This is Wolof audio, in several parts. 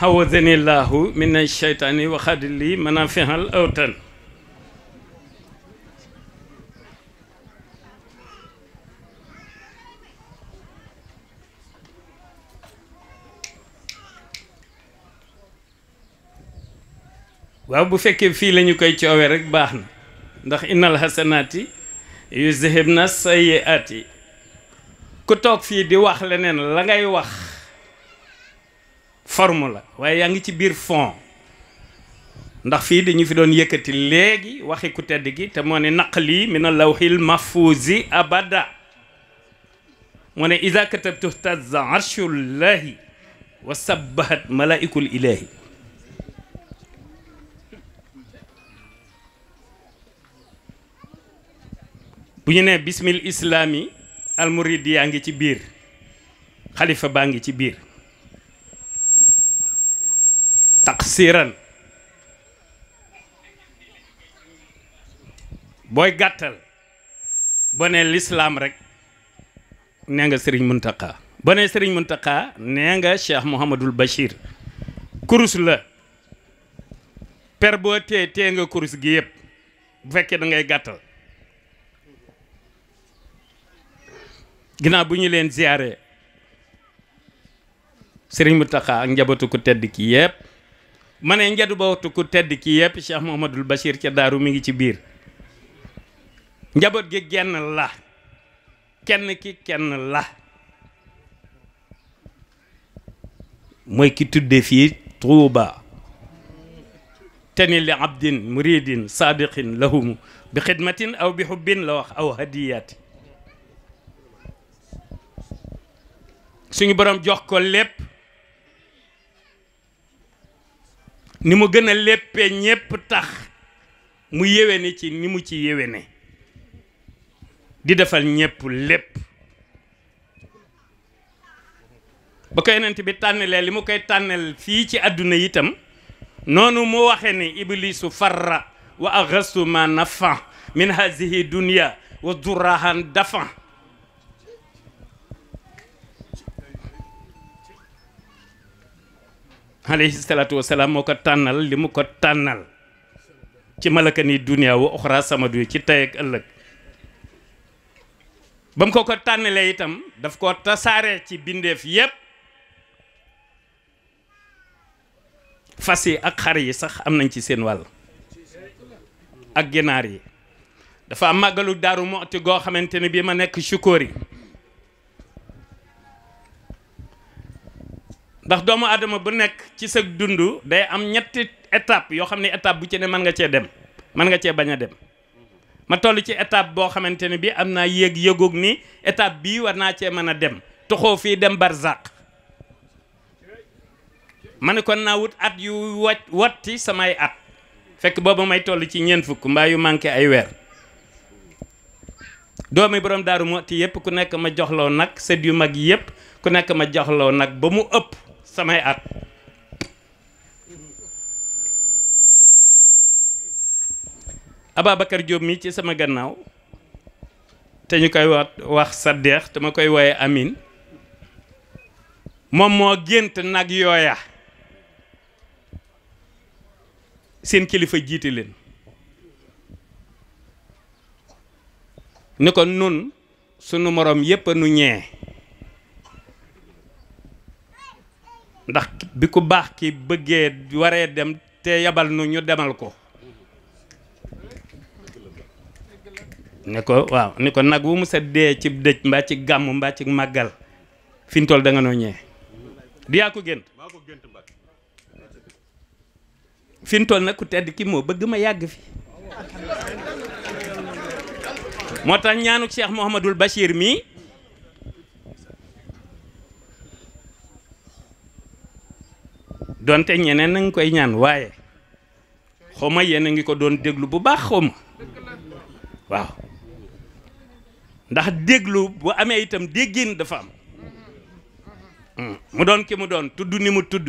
hawadani laahu min asheytaani waxadi li mën a fexal awtan waaw bu fekkee fii lañu koy coowee rekk baax na ndax innal hasanaati yuzhibna sayyi'aati ku toog fii di wax leneen la ngay wax forme la waaye yaa ngi ci biir fond ndax fii dañu fi doon yëkkati léegi waxi ku tedd gi te moo ne lii min al-lawhil mahfuzi abada moo ne iza katabtu tazza arshullahi wa sabbahat malaikul ilahi bu ñu ne bismil islaami almurid yaa ngi ci biir xalifa baa ngi ci biir tafsiran booy gàttal bone lislaam rek nee nga sëriñ Muntaqa boo nee sëriñ Muntaqa nee nga Cheikh Mouhamadul Bachir kurus la per boo tee tee nga kurus gi yëpp bu fekkee da ngay gàttal ginnaaw bu ñu leen ziyaare sëriñ Muntaqa ak njabootu ku tedd ki yëpp ma ne njadu ba wattu ku tedd ki yëpp Cheikh Mouhamadoul Bachir ca daaru mi ngi ci biir njaboot gi genn la kenn ki kenn la mooy ki tudde fii tuuba teni li abdin muridin sadiqin lahumu bi xidmatin aw bi xubbin la wax aw hadiyaati suñu borom jox ko lépp ni mu gën a léppe ñépp tax mu yéwe ni ci ni mu ci yéwéne di defal ñépp lépp ba ko yonent bi tànnalee li mu koy tànnal fii ci àdduna itam noonu mu waxe ne iblisu farra wa aghastu ma nafa min hazihi dunya wa durahan dafa alayhi salaatu wasalaam moo ko tànnal li mu ko tànnal ci malaka ni dunia wa oxra samadu ci tey ak ëllëg ba mu ko ko tànnalee itam daf ko tasaare ci bindeef yépp fas yi ak xar yi sax am nañ ci seen wàll ak ginaar yi dafa am màggalu daaru mooti goo xamante ne bii ma nekk sukóor yi ndax doomu aadama bu nekk ci sa dund day am ñetti étape yoo xam ne étape bu ci ne mën nga cee dem mën nga cee bañ a dem ma toll ci étape boo xamante ne bi am naa yéeg yëgoog ni étape bii war naa cee mën a dem toxoo fii dem barzaq ma ne kon naa wut at yu wat watti samay at fekk booba may toll ci ñeent fukk mbaa yu manqué ay weer doomi borom daaru moti yëpp ku nekk ma joxloo nag sët yu mag yëpp ku nekk ma joxloo nag ba mu ëpp samay at Ababacar Diop mi ci sama gannaaw te ñu koy wax wax saddeex te ma koy woye amin moom moo gént nag yooya seen kilifa jiite leen ni ko nun sunu moroom yépp nu ñee ndax bi ku baax ki bëggee waree dem te yabal nu ñu demal ko ne ko waaw ne ko nag wu mu sa dee ci dëj mbaa ci gàmm mbaa ci màggal fi ñu toll da nga noo ñëwee di yaa ko gént fi ñu toll nag ku tedd ki moo bëgg ma yàgg fi moo tax ñaanu Cheikh Mouhamadul Bachir mii donte ñeneen a ngi koy ñaan waaye xawma yéen a ngi ko doon déglu bu baax xawma waaw ndax déglu bu amee itam déggin dafa am mm. mu doon ki mu doon tudd ni mu tudd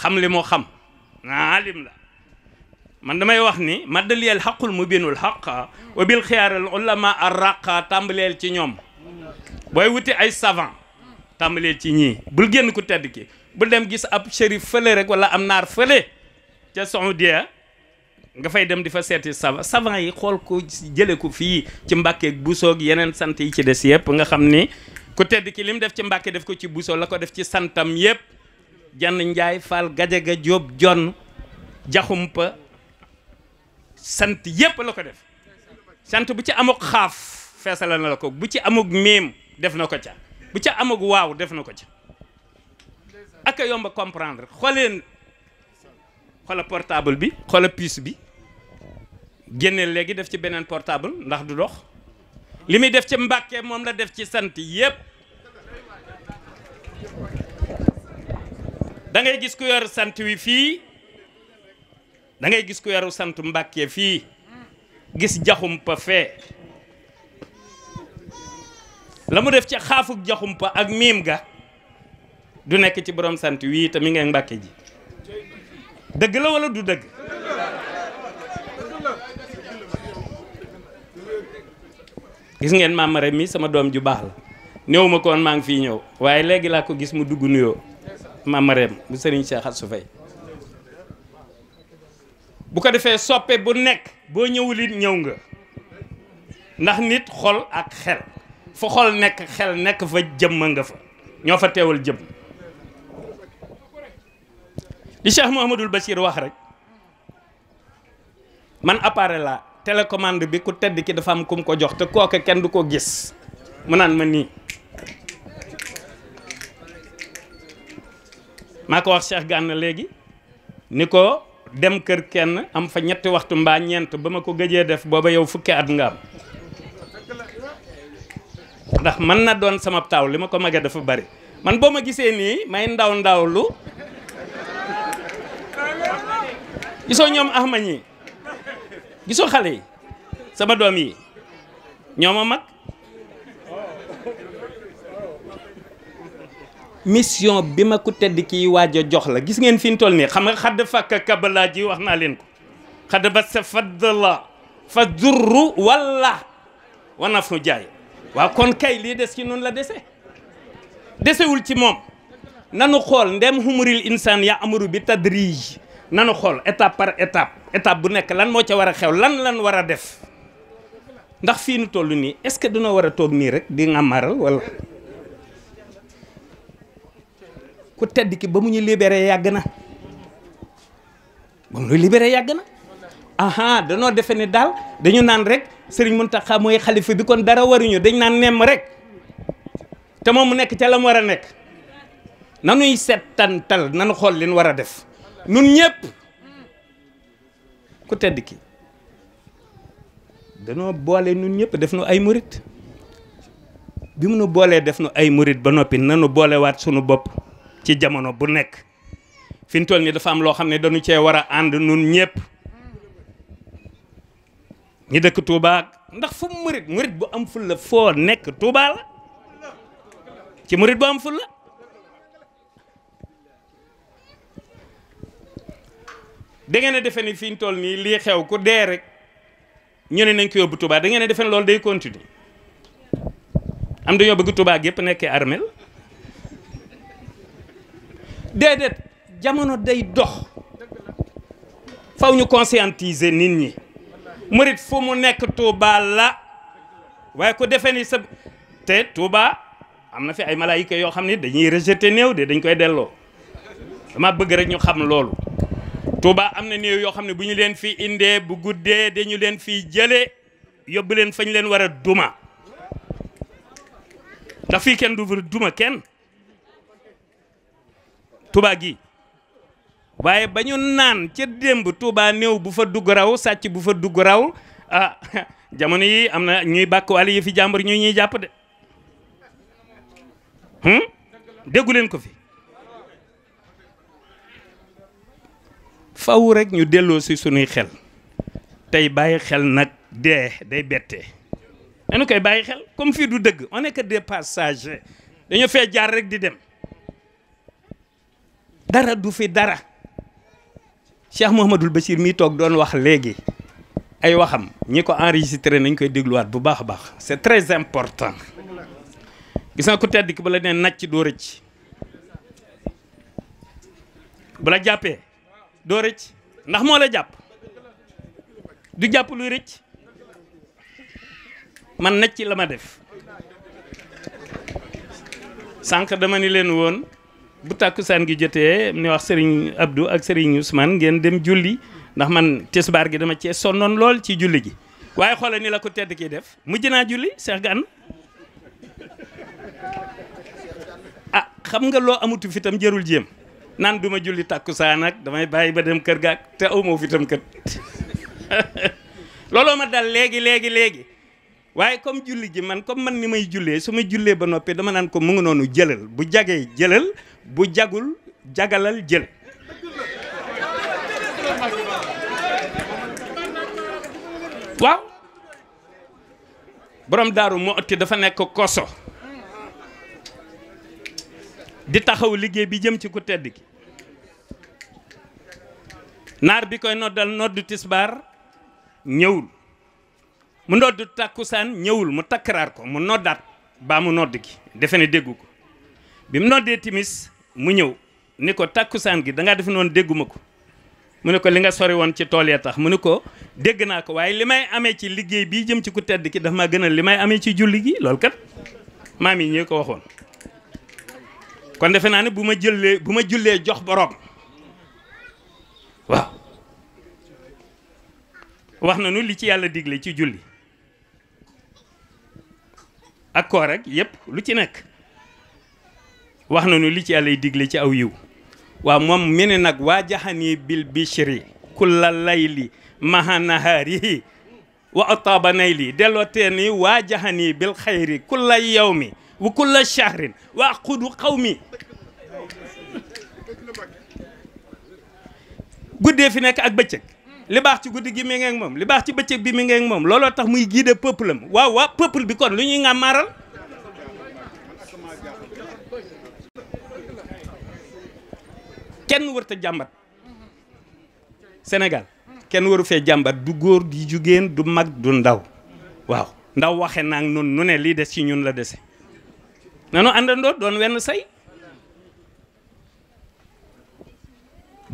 xam li mu xam naa alim la man damay wax ni maddaliyel xaqul mu binul xaq wa bil xiyaaral ulama ar tàmbaleel ci ñoom booy wuti ay savant tàmbaleel ci ñii bul génn ku tedd ki bu dem gis ab shérif fële rek wala am naar fële ca son Saudiya nga fay dem di fa seeti savant savant yi xool ko jële ko fii ci Mbàkke ak Buso yeneen sant yi ci des yëpp nga xam ni ku tedd ki li mu def ci Mbàkke def ko ci Buso la ko def ci santam yëpp jann njaay faal gajaga jóob jonn jaxumpa sant yëpp la ko def sant bu ci amuk xaaf feesala na la ko bu ci amuk miim def na ko ca bu ci amuk waaw def na ko ca ak a yomb comprendre xooleen xoola portable bi xoola puce bi génneel léegi def ci beneen portable ndax du dox li muy def ci mbàkke moom la def ci sant yépp da ngay gis ku yor sant wi fii da gis ku yoru sant mbàkke fii gis jaxumpa fee la mu def ci xaafu jaxumpa ak miim ga du nekk ci boroom sant wii te mi ngeen mbàkke ji dëgg la wala du dëgg gis ngeen maam mi sama doom ju baax la néew ma ko woon maa ngi fii ñëw waaye léegi laa ko gis mu dugg nuyoo maam mu bu sëriñ Cheikh Assou bu ko defee soppe bu nekk boo ñëwul it ñëw nga ndax nit xol ak xel fa xol nekk xel nekk fa jëmm nga fa ñoo fa teewal jëmm li Cheikh Mouhamadul Bachir wax rek man appareil la télécommande bi ku tedd ki dafa am ku ko jox te kooke kenn du ko gis mu naan ma nii maa ko wax Cheikh Gànn léegi ni ko dem kër kenn am fa ñetti waxtu mbaa ñeent ba ma ko gëjee def booba yow fukki at nga am ndax man na doon sama taaw li ma ko mage dafa bari man boo ma gisee nii may ndaw ndawlu gisoo ñoom ahma ñi gisoo xale yi sama doom yi ñooma mag mission bi ma ko tedd kiy waaj a jox la gis ngeen fi ñu toll nii xam nga xadd fakka kabala ji wax naa leen ko xadd ba sa faddala fa durru walla wana fu jaay waaw kon kay lii des ci noonu la dese desewul ci moom nanu xool ndem humuril insaan ya amuru bi tadrij nanu xool étape par étape étape bu nekk lan moo ca war a xew lan lan war a def ndax fii nu toll nii est-ce que dina war a toog nii rek di nga maral wala ku tedd ki ba mu ñu liberee yàgg na ba mu ñu libéré yàgg na aha danoo defe ne daal dañu naan rek Serigne Mountakha mooy xalifa bi kon dara waruñu dañ naan nemm rek te moom mu nekk ca la mu war a nekk nanuy seetantal nanu xool li war a def nun ñëpp ku tedd ki danoo boole nun ñëpp def nu ay murit bi mu nu boolee def nu ay morit ba noppi nanu boolewaat sunu bopp ci jamono bu nekk fi mu toll nii dafa am loo xam ne dañu cee war a ànd nun ñëpp ñi dëkk Touba ndax fu murit murit bu am ful la foo nekk Touba la ci morit bu am ful da ngeen a defe ni fi ñu toll nii lii xew ku dee rek ñu ne nañ ko yóbbu Touba da ngeen a defe ni loolu day continuer am dañoo bëgg Touba gépp nekkee armel déedéet jamono day dox faw ñu conscientiser nit ñi murit fu mu nekk Touba la waaye ku defe ni sa te Touba am na fi ay malaayika yoo xam ne dañuy rejeté néew de dañ koy delloo dama bëgg rek ñu xam loolu Touba am na néew yoo xam ne bu ñu leen fi indee bu guddee dañu leen fi jëlee yóbbu leen fañ leen war a duma ndax fii kenn du fa duma kenn Touba gi waaye ba ñu naan ca démb Touba néew bu fa dugg raw sàcc bu fa dugg raw ah jamono yi am na ñuy bàkk wàll yi fi jàmbur ñu ñuy jàpp de hmm? déggu leen ko fi faw rek ñu delloo si sunuy xel tey bàyyi xel nag dee day bettee dañu koy bàyyi xel comme fii du dëgg on est que des passagers dañu fee jaar rek di dem dara du fi dara Cheikh Mouhamadul Bachir mi toog doon wax léegi ay waxam ñi ko enregistré nañ koy dégluwaat bu baax a baax c'est très important gis nga ku tedd ki bala la nee nacc doo rëcc bu la jàppee doo rëcc ndax moo la jàpp du jàpp luy rëcc man nag ci la ma def sanq dama ni leen woon bu tàkkusaan gi jotee ni wax sëriñ Abdou ak Serigne Ousmane ngeen dem julli ndax man tisbaar gi dama cee sonnoon lool ci julli gi waaye xoole ni la ko tedd kii def mujj naa julli Cheikh gan ah xam nga loo amutu fi tam jërul jéem naan duma ma julli tàkkusaan ak damay bàyyi ba dem kër gaak te aw ma fi tam kët looloo ma dal léegi léegi léegi waaye comme julli ji man comme man ni may jullee su ma jullee ba noppi dama naan ko mu ngi noonu jëlal bu jagee jëlal bu jagul jagalal jël waaw borom daaru moo ëtti dafa nekk koso di taxaw liggéey bi jëm ci ku tedd ki naar bi koy noddal noddu tisbaar ñëwul mu noddu tàkkusaan ñëwul mu takkaraar ko mu noddaat baa mu nodd gi defe ne déggu ko bi mu noddee timis mu ñëw ni ko tàkkusaan gi danga ngaa defe noonu dégguma ko mu ne ko li nga sori woon ci tool ya tax mu ne ko dégg naa ko waaye li may amee ci liggéey bii jëm ci ku tedd ki dafa gën a li may amee ci julli gi loolu kat maam yi ñoo ko waxoon kon defe naa ne bu ma jëlee bu ma jullee jox boroom waaw wax nañu li ci yàlla digle ci julli ak koor ak yépp lu ci nekk wax nañu li ci yàlla digle ci aw yiw waaw moom mi ne nag waa jaxani bil bishri kulla layli maha nahaarihi wa ataaba nayli delloo tee ni waa jaxani bil xayri yawmi wa kulla shahrin wa aqudu qawmi guddee fi nekk ak bëccëg li baax ci guddi gi mi ngi moom li baax ci bëccëg bi mi ngi moom looloo tax muy guider peuple am waaw waaw peuple bi kon lu ñuy ngàmmaaral kenn wërta jàmbat senegal kenn waru fee jàmbat du góor du jógeen du mag du ndaw waaw ndaw waxe naa nu ne lii des ci ñun la dese nanu àndandoo doon wenn say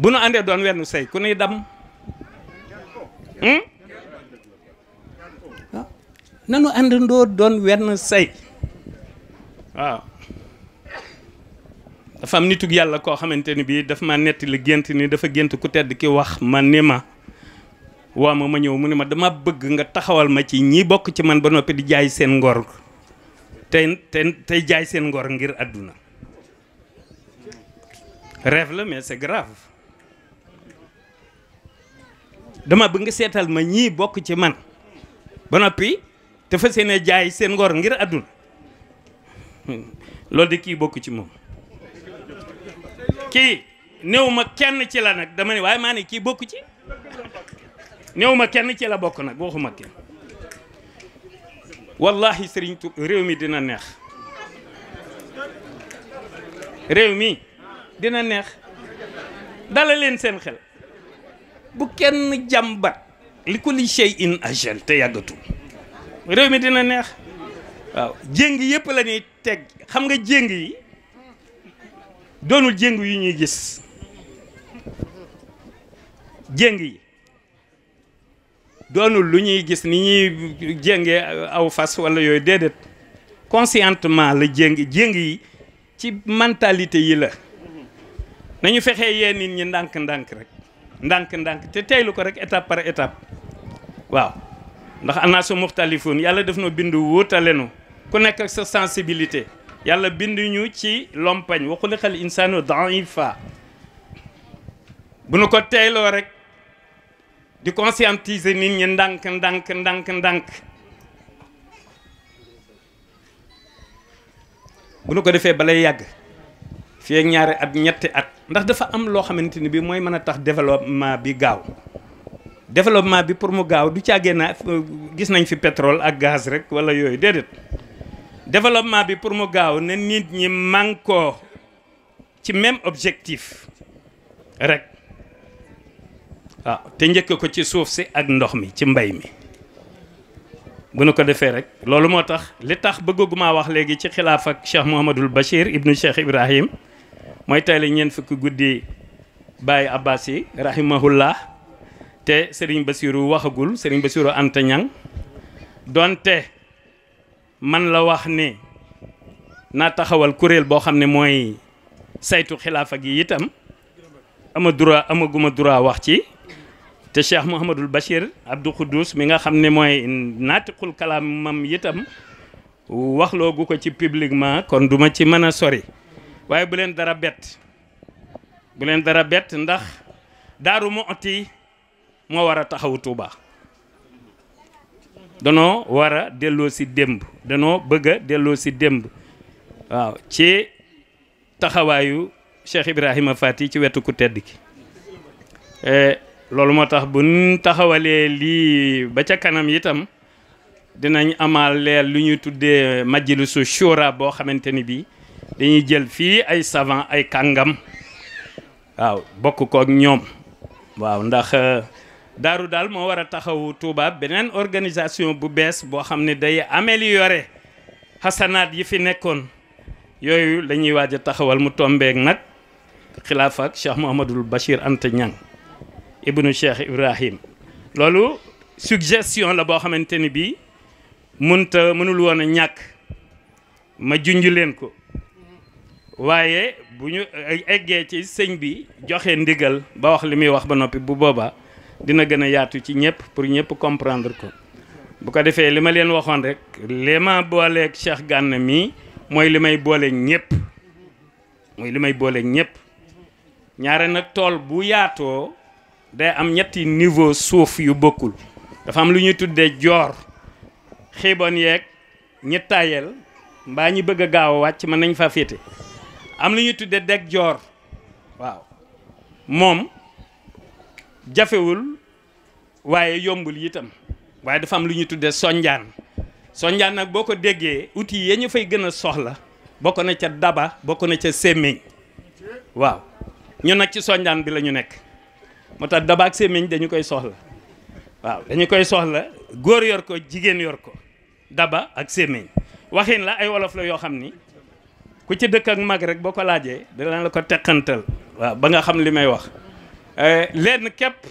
bu nu àndee doon wenn sëy ku nuy dam hmm? ah, nanu àndandoo doon wenn sëy waaw dafa am nitug yàlla koo xamante ni bii dafa ma netti gént ni dafa gént ku tedd ki wax ma ni ma waa ma ma ñëw mu ne ma dama bëgg nga taxawal ma ci ñi bokk ci man ba noppi di jaay seen ngor tey tey jaay seen ngor ngir àdduna rêve la mais grave dama bëgg nga seetal ma ñii bokk ci man ba noppi te fas yéene jaay seen ngor ngir àdduna loolu de kii bokk ci moom kii new ma kenn ci la nag dama ne waaye maa ne kii bokk ci néew ma kenn ci la bokk nag waxuma kenn wallahi sëriñ réew mi dina neex réew mi dina neex dala leen seen xel bu kenn jàmbat li ko li shay in ajal te yàggatul réew mi dina neex waaw jéng yëpp lañuy teg xam nga jéng yi doonul jéng yu ñuy gis jéng yi doonul lu ñuy gis ni ñuy jéngee aw fas walla yooyu déedéet conscientement la jéng jéng yi ci mentalité yi la nañu fexee yee nit ñi ndànk-ndànk rek ndànk-ndànk te teylu ko rek étape par étape waaw ndax am anaasu muxtalifuun yàlla def na bind wootale nu ku nekk sa sensibilité yàlla bind ñu ci lompañ wa xuliqal insaanu daifa bu nu ko teyloo rek di conscientiser nit ñi ndànk ndànk ndànk ndànk bu nu ko defee balay yàgg fii ak ñaari at ñetti at ndax dafa am loo xamante ni bi mooy mën a tax développement bi gaaw développement bi pour mu gaaw du càggee naa gis nañ fi pétrole ak gaz rek wala yooyu déedéet développement bi pour mu gaaw ne nit ñi mànkoo ci même objectif rek waaw te njëkk ko ci suuf si ak ndox mi ci mbay mi bu nu ko defee rek loolu moo tax li tax bëgguma wax léegi ci xilaaf ak Cheikh Mouhamadul Bachir ibnu Cheikh Ibrahim mooy tey la ñeent fukki guddi Baye Abbas yi rahimahullah te Serigne Bassirou waxagul Serigne Bassirou Anta Niang donte man la wax ni naa taxawal kuréel boo xam ne mooy saytu xilaafa gi itam ama droit amaguma droit wax ci te Cheikh Mouhamadul Bachir Abdou Khoudous mi nga xam ne mooy naatiqul kalaamam itam waxloogu ko ci publiquement kon duma ci mën a sori waaye bu leen dara bett bu leen dara bett ndax daaru Muxti moo war a taxaw Tuuba danoo war a delloo si démb danoo bëgg a delloo si démb waaw ci taxawaayu Cheikh Ibrahima Fati ci wetu ku tedd ki e, loolu moo tax bu ñu taxawalee lii ba ca kanam itam dinañ amaal leer lu ñuy tuddee majlisu shura boo xamante ni bii dañuy jël fii ay savant ay kàngam waaw bokk kook ñoom waaw ndax euh, daaru daal moo war a taxawu Touba beneen organisation bu bees boo xam ne day améliorer xasanaat yi fi nekkoon yooyu la ñuy waaj a taxawal mu tombeek nag xilaaf ak Cheikh Mouhamadul Bachir Anta ibnu Cheikh Ibrahim loolu suggestion la boo xamante ni bii mënta mënul woon ñàkk ma junj leen ko waaye bu ñu eggee ci sëñ bi joxe ndigal ba wax li muy wax ba noppi bu boobaa dina gën a yaatu ci ñëpp pour ñëpp comprendre ko bu ko defee li ma leen waxoon rek li ma booleeg Cheikh Gana mii mooy li may boole ñëpp mooy li may booleeg ñëpp ñaare nag tool bu yaatoo day am ñetti niveau suuf yu bokkul dafa am lu ñu tuddee joor xiibon yeeg ñi mbaa ñi bëgg a gaaw a wàcc mën nañ faa féete am lu ñuy tudde deg joor waaw moom jafewul waaye yombul itam waaye dafa am lu ñuy tudde sonjaan sonjaan nag boo ko déggee outil yee ñu fay gën a soxla bokk na ca daba bokk na ca sémmiñ waaw ñu nag ci sonjaan bi lañu nekk moo tax daba ak sémmiñ dañu koy soxla waaw dañu koy soxla góor yor ko jigéen yor ko daba ak sémmiñ waxin la ay wolof la yoo xam ni ku ci dëkk mag rek boo ko laajee dana la ko teqantal waaw ba nga xam li may wax eh, lenn képp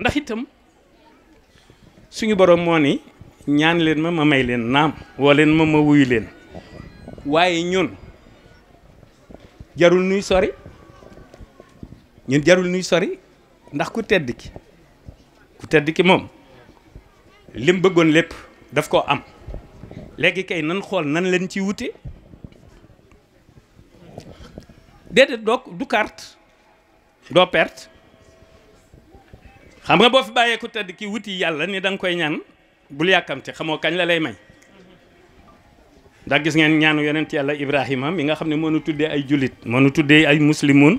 ndax itam suñu borom moo ni ñaan leen ma ma may leen naam woo leen ma ma wuy leen waaye ñun jarul nuy sori ñun jarul nuy sori ndax ku tedd ki ku tedd ki moom lim bëggoon lépp daf koo am léegi kay nan xool nan leen ci wute déedéet doo du carte doo perte xam nga boo fi bàyyeeku tedd ki wuti yàlla ni danga koy ñaan bul yàkkamte xamoo kañ la lay may ndax gis ngeen ñaanu yonent yàlla Ibrahima mi nga xam ne moo nu tuddee ay jullit moo nu tuddee ay muslimun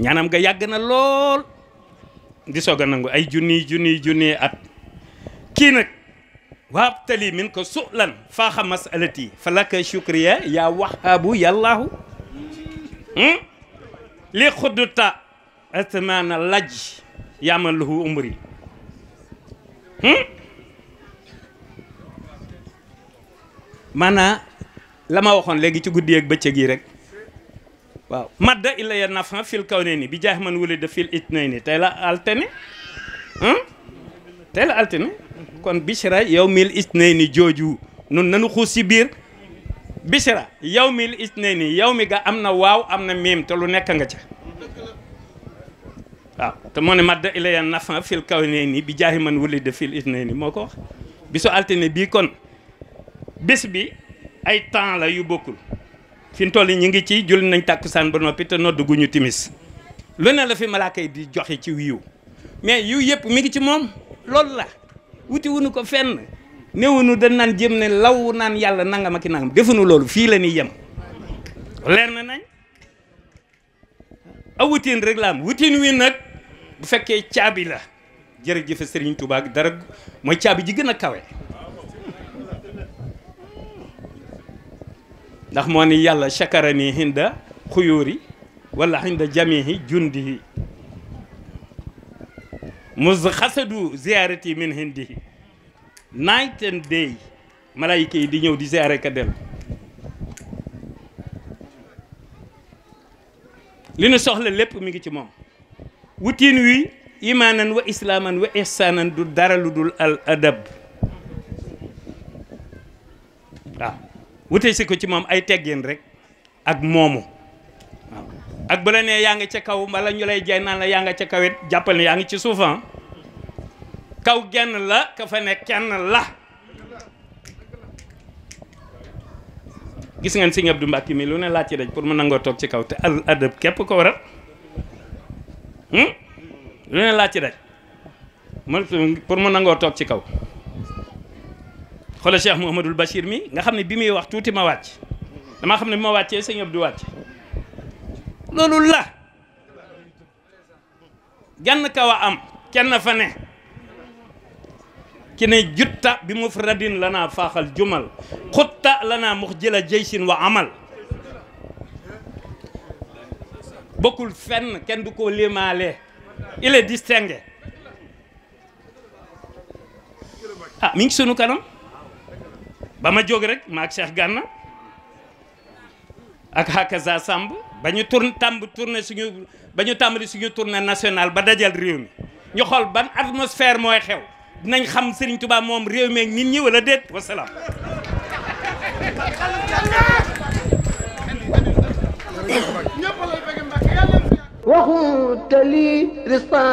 ñaanam nga yàgg na lool di soog a nangu ay junniy junniy junniy at kii nag waab tali min ko sulan faaxa masalati falaka shukriya yaa wahaabu yàllaahu Hmm? li xudduta asmaana laj yaaman lahu umri hmm? maanaa la ma waxoon léegi ci guddi ak bëccëg yi rek waaw madda illa ya nafan fil kaw ne ni bi jaax man wuli da fil it nay ni tey la altene hmm? tey la altene kon bishra yow mil it nay ni jooju nun nanu xuus si biir bisira yow mi itnay nii yow mi ga am na waaw am na miim te lu nekk nga ca waaw te moo ne madda ilaya nafa fil kaw nee nii bi jaahi man wuli de fil itnay nii moo ko wax bisu altine bii kon bés bi ay temps la yu bokkul fi mu toll ñu ngi ci julli nañ tàkkusaan ba noppi te noddu gu ñu timis lu ne la fi malaaka yi di joxe ci wiiw mais yu yëpp mi ngi ci moom loolu la wuti wuñu ko fenn néewuñu dañ naan jëm ne law naan yàlla nangam ak i nangam defuñu loolu fii la ñuy yem leer na nañ a wutin rek la am wutin wi nag bu fekkee caabi la jërëjëf Serigne Touba ak dara mooy caabi ji gën a kawe ndax moo ni yàlla chakarani hinda xuyóori wala hinda jamihi jundihi mus xasadu ziyaarati min hindihi night and day malayka yi di ñëw di siyaare ka dellu li nu soxla lépp mu ngi ci moom wutiin wi imaanan wa islaaman wa ihsaanan du dara lu dul al adab waaw wute si ko ci moom ay teggin rek ak moomu ak bu la nee yaa ngi ca kaw mbala ñu lay jaay naan la yaa ngi ca kawet jàppale ne yaa ngi ci suufan ah. kaw genn la ka fa nekk kenn la gis ngeen sëñ Abdou mbàkki mi lu ne laaj ci daj pour mu nangoo toog ci kaw te al adab képp ko waral hmm? lu ne laaj ci daj pour mu nangoo toog ci kaw xoolal Cheikh Mouhamadul Bachir mi nga xam ne bi muy wax tuuti ma wàcc damaa xam ne bi ma wàccee sëñ Abdou wàcc loolu la genn kaw a am kenn fa ne ci ne jutta bi mufradin lana faaxal jumal xutta lana mux jëla jaysin wa amal bokkul fenn kenn du ko limaale il est distingué ah mi ngi sunu kanam ba ma jóg rek ma ak Cheikh Gànna ak Hakaza sàmb ba ñu tourne tàmb tourné suñu ba ñu tàmbali suñu tournée nationale ba dajal réew mi ñu xool ban atmosphère mooy xew dinañ xam Serigne Touba moom réew ñi wala déet wasalaam. waxut lii rispan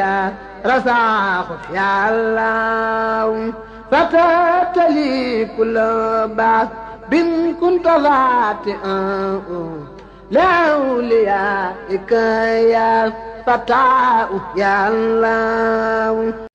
yaa rasaaxu yaa allah fatatali kulla baas bin kunta zaati'an لأوليائك يا الفتاة يا الله